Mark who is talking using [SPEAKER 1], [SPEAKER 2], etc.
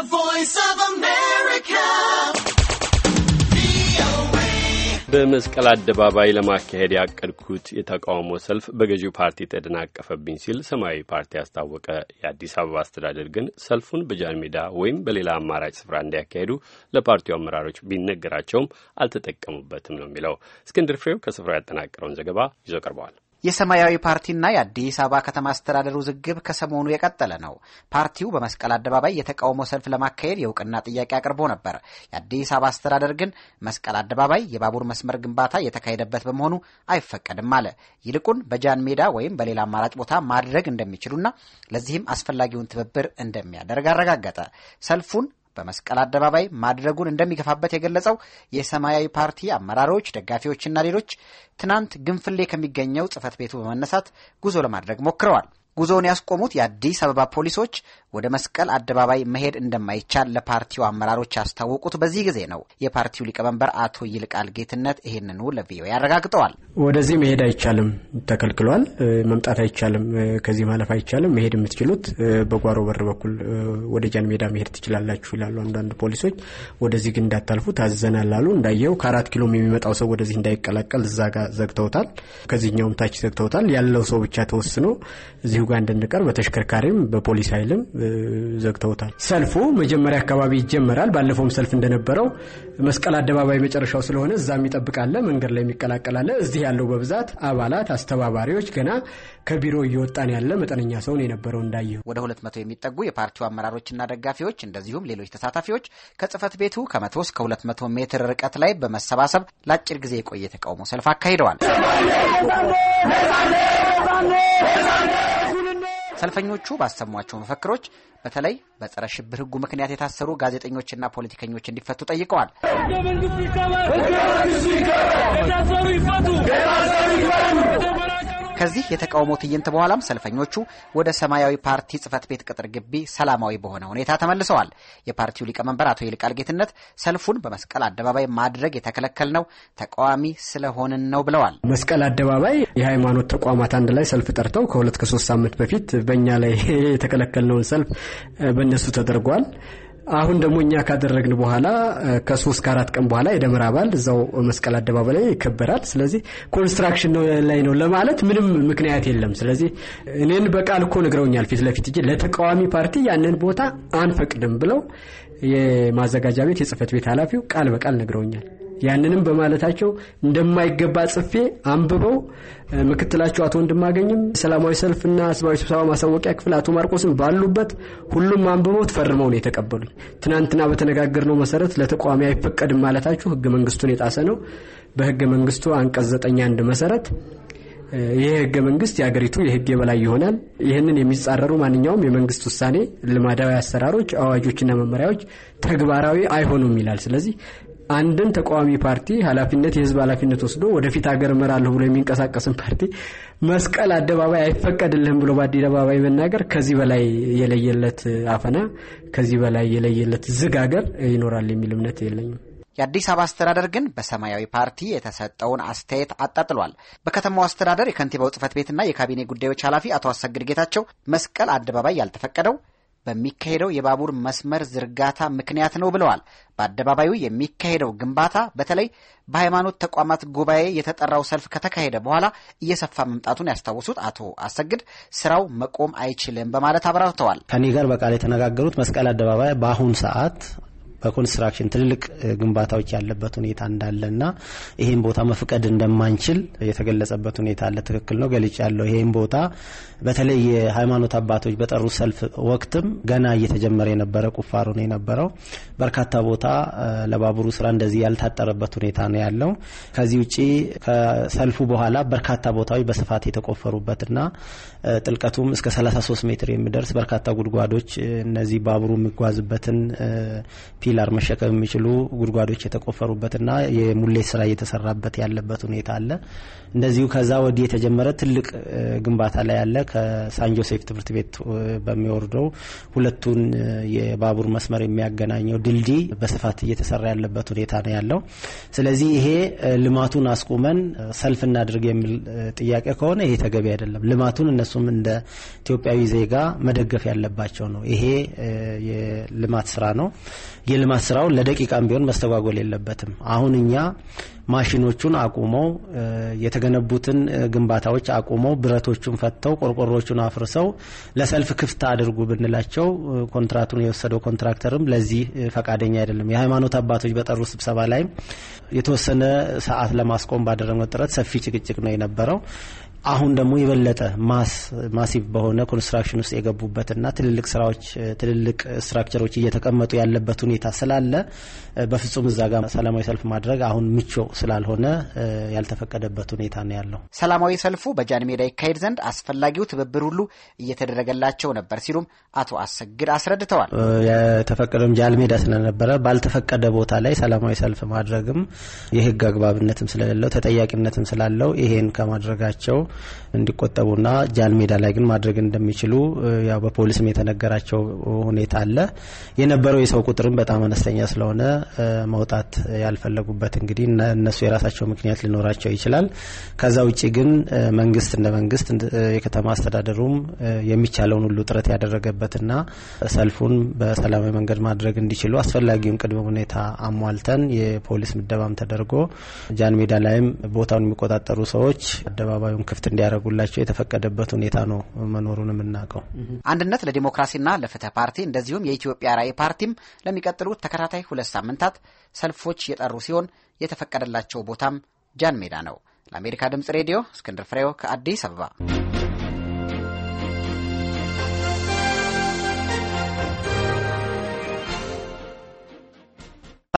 [SPEAKER 1] The Voice of America.
[SPEAKER 2] በመስቀል አደባባይ ለማካሄድ ያቀድኩት የተቃውሞ ሰልፍ በገዢው ፓርቲ ተደናቀፈብኝ ሲል ሰማያዊ ፓርቲ አስታወቀ። የአዲስ አበባ አስተዳደር ግን ሰልፉን በጃን ሜዳ ወይም በሌላ አማራጭ ስፍራ እንዲያካሄዱ ለፓርቲው አመራሮች ቢነገራቸውም አልተጠቀሙበትም ነው የሚለው። እስክንድር ፍሬው ከስፍራው ያጠናቀረውን ዘገባ ይዞ ቀርበዋል።
[SPEAKER 1] የሰማያዊ ፓርቲና የአዲስ አበባ ከተማ አስተዳደር ውዝግብ ከሰሞኑ የቀጠለ ነው። ፓርቲው በመስቀል አደባባይ የተቃውሞ ሰልፍ ለማካሄድ የእውቅና ጥያቄ አቅርቦ ነበር። የአዲስ አበባ አስተዳደር ግን መስቀል አደባባይ የባቡር መስመር ግንባታ የተካሄደበት በመሆኑ አይፈቀድም አለ። ይልቁን በጃን ሜዳ ወይም በሌላ አማራጭ ቦታ ማድረግ እንደሚችሉና ለዚህም አስፈላጊውን ትብብር እንደሚያደርግ አረጋገጠ። ሰልፉን በመስቀል አደባባይ ማድረጉን እንደሚገፋበት የገለጸው የሰማያዊ ፓርቲ አመራሮች፣ ደጋፊዎችና ሌሎች ትናንት ግንፍሌ ከሚገኘው ጽህፈት ቤቱ በመነሳት ጉዞ ለማድረግ ሞክረዋል። ጉዞውን ያስቆሙት የአዲስ አበባ ፖሊሶች ወደ መስቀል አደባባይ መሄድ እንደማይቻል ለፓርቲው አመራሮች ያስታወቁት በዚህ ጊዜ ነው። የፓርቲው ሊቀመንበር አቶ ይልቃል ጌትነት ይህንኑ ለቪኦኤ አረጋግጠዋል።
[SPEAKER 2] ወደዚህ መሄድ አይቻልም፣ ተከልክሏል። መምጣት አይቻልም፣ ከዚህ ማለፍ አይቻልም። መሄድ የምትችሉት በጓሮ በር በኩል ወደ ጃን ሜዳ መሄድ ትችላላችሁ ይላሉ አንዳንድ ፖሊሶች። ወደዚህ ግን እንዳታልፉ ታዘናል አሉ። እንዳየው ከአራት ኪሎም የሚመጣው ሰው ወደዚህ እንዳይቀላቀል እዛ ጋር ዘግተውታል፣ ከዚህኛውም ታች ዘግተውታል። ያለው ሰው ብቻ ተወስኖ እዚሁ ጋር እንድንቀር በተሽከርካሪም በፖሊስ ኃይልም ዘግተውታል። ሰልፉ መጀመሪያ አካባቢ ይጀመራል። ባለፈውም ሰልፍ እንደነበረው መስቀል አደባባይ መጨረሻው ስለሆነ እዛም ይጠብቃለ፣ መንገድ ላይ የሚቀላቀላለ። እዚህ ያለው በብዛት አባላት፣ አስተባባሪዎች ገና ከቢሮ እየወጣን ያለ መጠነኛ ሰውን የነበረው እንዳየሁ
[SPEAKER 1] ወደ ሁለት መቶ የሚጠጉ የፓርቲው አመራሮችና ደጋፊዎች እንደዚሁም ሌሎች ተሳታፊዎች ከጽህፈት ቤቱ ከመቶ እስከ ሁለት መቶ ሜትር ርቀት ላይ በመሰባሰብ ለአጭር ጊዜ የቆየ ተቃውሞ ሰልፍ አካሂደዋል። ሰልፈኞቹ ባሰሟቸው መፈክሮች በተለይ በጸረ ሽብር ህጉ ምክንያት የታሰሩ ጋዜጠኞችና ፖለቲከኞች እንዲፈቱ ጠይቀዋል። ከዚህ የተቃውሞ ትዕይንት በኋላም ሰልፈኞቹ ወደ ሰማያዊ ፓርቲ ጽህፈት ቤት ቅጥር ግቢ ሰላማዊ በሆነ ሁኔታ ተመልሰዋል። የፓርቲው ሊቀመንበር አቶ ይልቃል ጌትነት ሰልፉን በመስቀል አደባባይ ማድረግ የተከለከል ነው ተቃዋሚ ስለሆንን ነው ብለዋል።
[SPEAKER 2] መስቀል አደባባይ የሃይማኖት ተቋማት አንድ ላይ ሰልፍ ጠርተው ከሁለት ከሶስት ሳምንት በፊት በእኛ ላይ የተከለከልነውን ሰልፍ በእነሱ ተደርጓል። አሁን ደግሞ እኛ ካደረግን በኋላ ከሶስት ከአራት ቀን በኋላ የደመራ በዓል እዛው መስቀል አደባባይ ላይ ይከበራል። ስለዚህ ኮንስትራክሽን ላይ ነው ለማለት ምንም ምክንያት የለም። ስለዚህ እኔን በቃል እኮ ነግረውኛል ፊት ለፊት እ ለተቃዋሚ ፓርቲ ያንን ቦታ አንፈቅድም ብለው የማዘጋጃ ቤት የጽህፈት ቤት ኃላፊው ቃል በቃል ነግረውኛል። ያንንም በማለታቸው እንደማይገባ ጽፌ አንብበው ምክትላቸው አቶ ወንድማገኝም ሰላማዊ ሰልፍና ህዝባዊ ስብሰባ ማሳወቂያ ክፍል አቶ ማርቆስም ባሉበት ሁሉም አንብበው ፈርመው ነው የተቀበሉኝ። ትናንትና በተነጋገርነው መሰረት ለተቃዋሚ አይፈቀድም ማለታችሁ ህገ መንግስቱን የጣሰ ነው። በህገ መንግስቱ አንቀጽ ዘጠኝ አንድ መሰረት ይህ ህገ መንግስት የሀገሪቱ የህግ የበላይ ይሆናል። ይህንን የሚጻረሩ ማንኛውም የመንግስት ውሳኔ፣ ልማዳዊ አሰራሮች፣ አዋጆችና መመሪያዎች ተግባራዊ አይሆኑም ይላል። ስለዚህ አንድን ተቃዋሚ ፓርቲ ኃላፊነት የህዝብ ኃላፊነት ወስዶ ወደፊት ሀገር እመራለሁ ብሎ የሚንቀሳቀስን ፓርቲ መስቀል አደባባይ አይፈቀድልህም ብሎ በአደባባይ መናገር ከዚህ በላይ የለየለት አፈና፣ ከዚህ በላይ የለየለት ዝግ ሀገር ይኖራል የሚል እምነት የለኝም።
[SPEAKER 1] የአዲስ አበባ አስተዳደር ግን በሰማያዊ ፓርቲ የተሰጠውን አስተያየት አጣጥሏል። በከተማው አስተዳደር የከንቲባው ጽህፈት ቤትና የካቢኔ ጉዳዮች ኃላፊ አቶ አሰግድ ጌታቸው መስቀል አደባባይ ያልተፈቀደው በሚካሄደው የባቡር መስመር ዝርጋታ ምክንያት ነው ብለዋል። በአደባባዩ የሚካሄደው ግንባታ በተለይ በሃይማኖት ተቋማት ጉባኤ የተጠራው ሰልፍ ከተካሄደ በኋላ እየሰፋ መምጣቱን ያስታወሱት አቶ አሰግድ ስራው መቆም አይችልም በማለት አብራርተዋል።
[SPEAKER 3] ከኔ ጋር በቃል የተነጋገሩት መስቀል አደባባይ በአሁኑ ሰዓት በኮንስትራክሽን ትልልቅ ግንባታዎች ያለበት ሁኔታ እንዳለና ይህም ቦታ መፍቀድ እንደማንችል የተገለጸበት ሁኔታ አለ። ትክክል ነው፣ ያለው ይህን ቦታ በተለይ የሃይማኖት አባቶች በጠሩ ሰልፍ ወቅትም ገና እየተጀመረ የነበረ ቁፋሮ ነው የነበረው። በርካታ ቦታ ለባቡሩ ስራ እንደዚህ ያልታጠረበት ሁኔታ ነው ያለው። ከዚህ ውጭ ከሰልፉ በኋላ በርካታ ቦታዎች በስፋት የተቆፈሩበትና ጥልቀቱም እስከ 33 ሜትር የሚደርስ በርካታ ጉድጓዶች እነዚህ ባቡሩ የሚጓዝበትን ፒላር መሸከም የሚችሉ ጉድጓዶች የተቆፈሩበትና የሙሌት ስራ እየተሰራበት ያለበት ሁኔታ አለ። እንደዚሁ ከዛ ወዲህ የተጀመረ ትልቅ ግንባታ ላይ ያለ ከሳን ጆሴፍ ትምህርት ቤት በሚወርደው ሁለቱን የባቡር መስመር የሚያገናኘው ድልድይ በስፋት እየተሰራ ያለበት ሁኔታ ነው ያለው። ስለዚህ ይሄ ልማቱን አስቁመን ሰልፍ እናድርግ የሚል ጥያቄ ከሆነ ይሄ ተገቢ አይደለም። ልማቱን እነሱም እንደ ኢትዮጵያዊ ዜጋ መደገፍ ያለባቸው ነው። ይሄ የልማት ስራ ነው። የልማት ስራውን ለደቂቃም ቢሆን መስተጓጎል የለበትም። አሁን እኛ ማሽኖቹን አቁመው የተገነቡትን ግንባታዎች አቁመው ብረቶቹን ፈተው ቆርቆሮቹን አፍርሰው ለሰልፍ ክፍት አድርጉ ብንላቸው ኮንትራቱን የወሰደው ኮንትራክተርም ለዚህ ፈቃደኛ አይደለም። የሃይማኖት አባቶች በጠሩ ስብሰባ ላይም የተወሰነ ሰዓት ለማስቆም ባደረግነው ጥረት ሰፊ ጭቅጭቅ ነው የነበረው። አሁን ደግሞ የበለጠ ማስ ማሲቭ በሆነ ኮንስትራክሽን ውስጥ የገቡበትና ትልልቅ ስራዎች ትልልቅ ስትራክቸሮች እየተቀመጡ ያለበት ሁኔታ ስላለ በፍጹም እዛ ጋር ሰላማዊ ሰልፍ ማድረግ አሁን ምቾ ስላልሆነ ያልተፈቀደበት ሁኔታ ነው ያለው።
[SPEAKER 1] ሰላማዊ ሰልፉ በጃን ሜዳ ይካሄድ ዘንድ አስፈላጊው ትብብር ሁሉ እየተደረገላቸው ነበር ሲሉም አቶ አሰግድ አስረድተዋል።
[SPEAKER 3] የተፈቀደውም ጃን ሜዳ ስለነበረ ባልተፈቀደ ቦታ ላይ ሰላማዊ ሰልፍ ማድረግም የህግ አግባብነትም ስለሌለው ተጠያቂነትም ስላለው ይሄን ከማድረጋቸው እንዲቆጠቡና ጃን ሜዳ ላይ ግን ማድረግ እንደሚችሉ ያው በፖሊስም የተነገራቸው ሁኔታ አለ። የነበረው የሰው ቁጥርም በጣም አነስተኛ ስለሆነ መውጣት ያልፈለጉበት እንግዲህ እነሱ የራሳቸው ምክንያት ሊኖራቸው ይችላል። ከዛ ውጭ ግን መንግስት እንደ መንግስት የከተማ አስተዳደሩም የሚቻለውን ሁሉ ጥረት ያደረገበትና ሰልፉን በሰላማዊ መንገድ ማድረግ እንዲችሉ አስፈላጊውን ቅድመ ሁኔታ አሟልተን የፖሊስ ምደባም ተደርጎ ጃን ሜዳ ላይም ቦታውን የሚቆጣጠሩ ሰዎች አደባባዩን ክፍት እንዲያደርጉላቸው የተፈቀደበት ሁኔታ ነው መኖሩን የምናውቀው።
[SPEAKER 1] አንድነት ለዲሞክራሲና ለፍትህ ፓርቲ እንደዚሁም የኢትዮጵያ ራዕይ ፓርቲም ለሚቀጥሉት ተከታታይ ሁለት ሳምንታት ሰልፎች የጠሩ ሲሆን የተፈቀደላቸው ቦታም ጃን ሜዳ ነው። ለአሜሪካ ድምጽ ሬዲዮ እስክንድር ፍሬው ከአዲስ አበባ